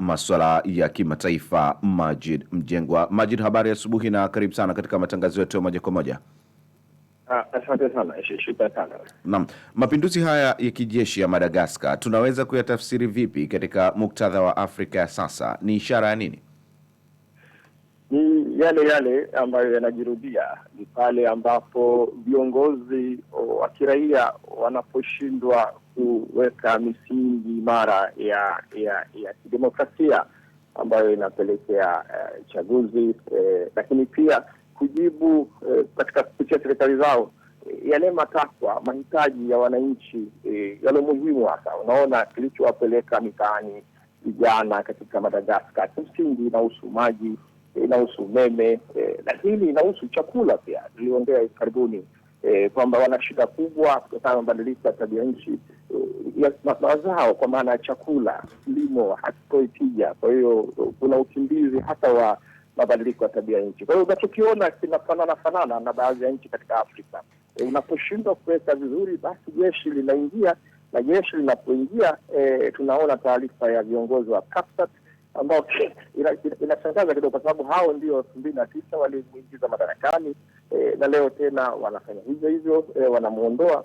masuala ya kimataifa Majid Mjengwa. Majid, habari asubuhi na karibu sana katika matangazo yetu ya moja kwa moja. Ah, asante sana, shukrani sana. Naam, mapinduzi haya ya kijeshi ya Madagaskar tunaweza kuyatafsiri vipi katika muktadha wa Afrika ya sasa? Ni ishara ya nini? Ni yale yale ambayo yanajirudia, ni pale ambapo viongozi wa kiraia wanaposhindwa kuweka misingi imara ya ya ya demokrasia ambayo inapelekea uh, chaguzi eh, lakini pia kujibu eh, katika kupitia serikali zao eh, yale matakwa, mahitaji ya wananchi eh, yale muhimu hasa. Unaona kilichowapeleka mitaani vijana katika Madagaskar kimsingi inahusu maji, eh, inahusu umeme eh, lakini inahusu chakula pia. Niliongea hivi karibuni eh, kwamba wana shida kubwa kutokana na mabadiliko ya tabia nchi mazao kwa maana ya chakula, kilimo hakitoi tija. Kwa hiyo kuna ukimbizi hata wa mabadiliko ya tabia nchi. Kwa hiyo unachokiona kinafanana fanana na baadhi ya nchi katika Afrika. E, unaposhindwa kuweka vizuri, basi jeshi linaingia na jeshi linapoingia, e, tunaona taarifa ya viongozi wa Kapsat ambao inashangaza kidogo, kwa sababu hao ndio elfu mbili na tisa walimuingiza madarakani e, na leo tena wanafanya hivyo hivyo, e, wanamuondoa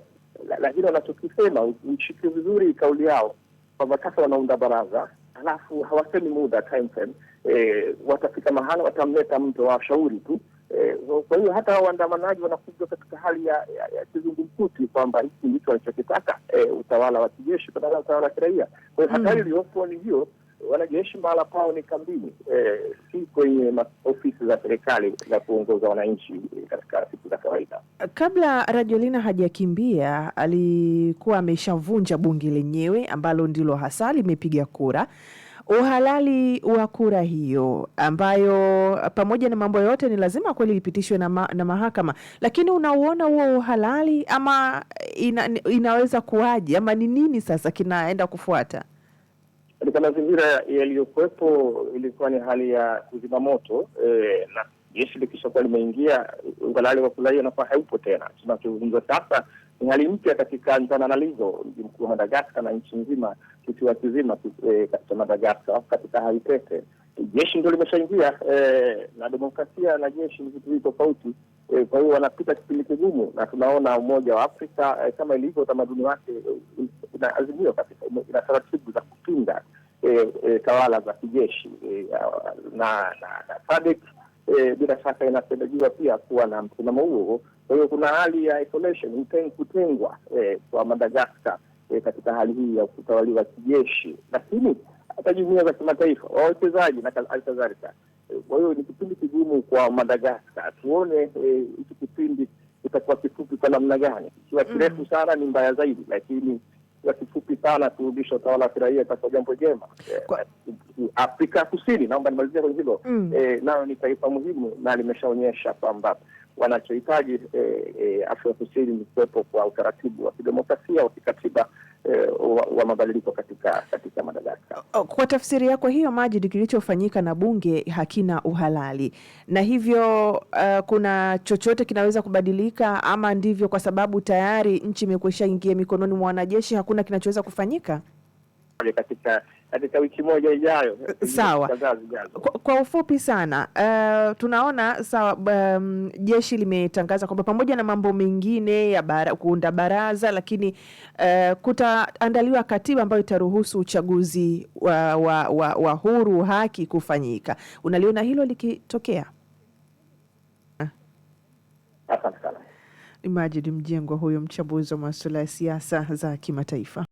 lakini wanachokisema uishikie vizuri kauli yao kwamba sasa wanaunda baraza halafu hawasemi muda time frame. E, watafika mahala watamleta mtu washauri tu e. Kwa hiyo hata waandamanaji wanakuja katika hali ya, ya, ya kizungumkuti kwamba hiki ndicho wanachokitaka e, utawala wa kijeshi badala ya utawala wa kiraia. Kwa hiyo hata hmm. hiyo ni hiyo wanajeshi mahala pao ni kambini, eh, si kwenye ofisi za serikali za kuongoza wananchi eh, katika siku za kawaida. Kabla Rajolina hajakimbia alikuwa ameshavunja bunge lenyewe ambalo ndilo hasa limepiga kura uhalali wa kura hiyo ambayo pamoja na mambo yote ni lazima kweli ipitishwe na, ma, na mahakama. Lakini unauona huo uhalali ama ina, inaweza kuwaje ama ni nini sasa kinaenda kufuata? katika mazingira yaliyokuwepo ilikuwa ni hali ya kuzima moto e, na jeshi likishakuwa limeingia uhalali wa kulaia unakuwa haupo tena. Tunachozungumza sasa ni hali mpya katika Antananarivo, mji mkuu wa Madagaskar na nchi nzima, kisiwa kizima e, katika Madagaskar, katika hali tete. Jeshi ndio limeshaingia e, na demokrasia na jeshi ni vitu tofauti e, kwa hiyo wanapita kipindi kigumu, na tunaona Umoja wa Afrika e, kama ilivyo utamaduni wake, e, ina azimio kabisa, ina taratibu za kupinga eh, eh, tawala za kijeshi eh, na na SADC e, bila shaka inatarajiwa pia kuwa na msimamo huo. Kwa hiyo kuna hali ya isolation, kutengwa eh, kwa Madagascar eh, katika hali hii ya kutawaliwa kijeshi, lakini hata jumuiya za kimataifa, wawekezaji na kadhalika. Kwa hiyo ni kipindi kigumu kwa Madagascar. Tuone eh, hiki kipindi kitakuwa kifupi kwa namna gani. Ikiwa kirefu mm. sana ni mbaya zaidi, lakini kifupi sana kurudisha utawala wa kiraia katika jambo jema kwa... Eh, Afrika Kusini, naomba nimalizia kwenye hilo mm. E, nayo ni taifa muhimu na limeshaonyesha kwamba wanachohitaji e, e, Afrika Kusini ni kuwepo kwa utaratibu wa kidemokrasia wa kikatiba e, wa, wa mabadiliko katika, katika Oh, kwa tafsiri yako hiyo, Majid, kilichofanyika na bunge hakina uhalali na hivyo uh, kuna chochote kinaweza kubadilika ama ndivyo, kwa sababu tayari nchi imekwisha ingia mikononi mwa wanajeshi, hakuna kinachoweza kufanyika? katika katika wiki moja ijayo. Sawa, kwa, ufupi sana uh, tunaona sawa. Um, jeshi limetangaza kwamba pamoja na mambo mengine ya bara, kuunda baraza lakini uh, kutaandaliwa katiba ambayo itaruhusu uchaguzi wa, wa, wa, wa huru haki kufanyika. Unaliona hilo likitokea? Asante sana. Mjengwa huyo mchambuzi wa masuala ya siasa za kimataifa.